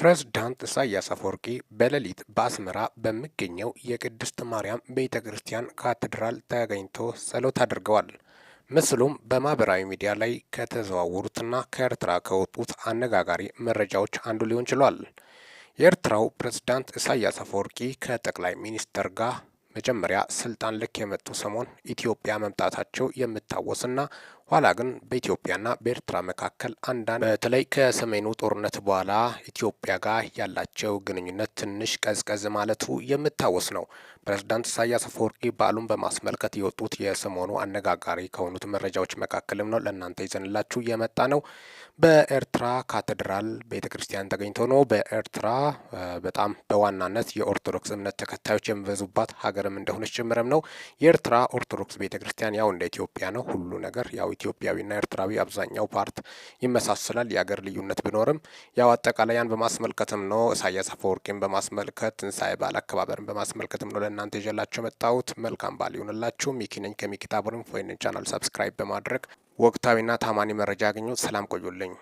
ፕሬዝዳንት ኢሳያስ አፈወርቂ በሌሊት በአስመራ በሚገኘው የቅድስት ማርያም ቤተ ክርስቲያን ካቴድራል ተገኝቶ ጸሎት አድርገዋል። ምስሉም በማህበራዊ ሚዲያ ላይ ከተዘዋወሩትና ከኤርትራ ከወጡት አነጋጋሪ መረጃዎች አንዱ ሊሆን ችሏል። የኤርትራው ፕሬዝዳንት ኢሳያስ አፈወርቂ ከጠቅላይ ሚኒስትር ጋር መጀመሪያ ስልጣን ልክ የመጡ ሰሞን ኢትዮጵያ መምጣታቸው የምታወስና ኋላ ግን በኢትዮጵያና በኤርትራ መካከል አንዳንድ በተለይ ከሰሜኑ ጦርነት በኋላ ኢትዮጵያ ጋር ያላቸው ግንኙነት ትንሽ ቀዝቀዝ ማለቱ የምታወስ ነው። ፕሬዝዳንት ኢሳያስ አፈወርቂ በዓሉን በማስመልከት የወጡት የሰሞኑ አነጋጋሪ ከሆኑት መረጃዎች መካከልም ነው ለእናንተ ይዘንላችሁ የመጣ ነው። በኤርትራ ካቴድራል ቤተ ክርስቲያን ተገኝቶ ነው። በኤርትራ በጣም በዋናነት የኦርቶዶክስ እምነት ተከታዮች የሚበዙባት ሀገር ሀገርም እንደሆነች ጭምርም ነው። የኤርትራ ኦርቶዶክስ ቤተ ክርስቲያን ያው እንደ ኢትዮጵያ ነው ሁሉ ነገር ያው ኢትዮጵያዊና ኤርትራዊ አብዛኛው ፓርት ይመሳሰላል። የሀገር ልዩነት ቢኖርም ያው አጠቃላይ ያን በማስመልከትም ነው ኢሳያስ አፈወርቂን በማስመልከት ትንሳኤ በዓል አከባበርን በማስመልከትም ነው ለእናንተ ይዤላቸው መጣሁት። መልካም በዓል ይሆንላችሁ። ሚኪ ነኝ ከሚኪታቡርም ፎይንን ቻናል ሰብስክራይብ በማድረግ ወቅታዊና ታማኒ መረጃ ያገኙት። ሰላም ቆዩልኝ።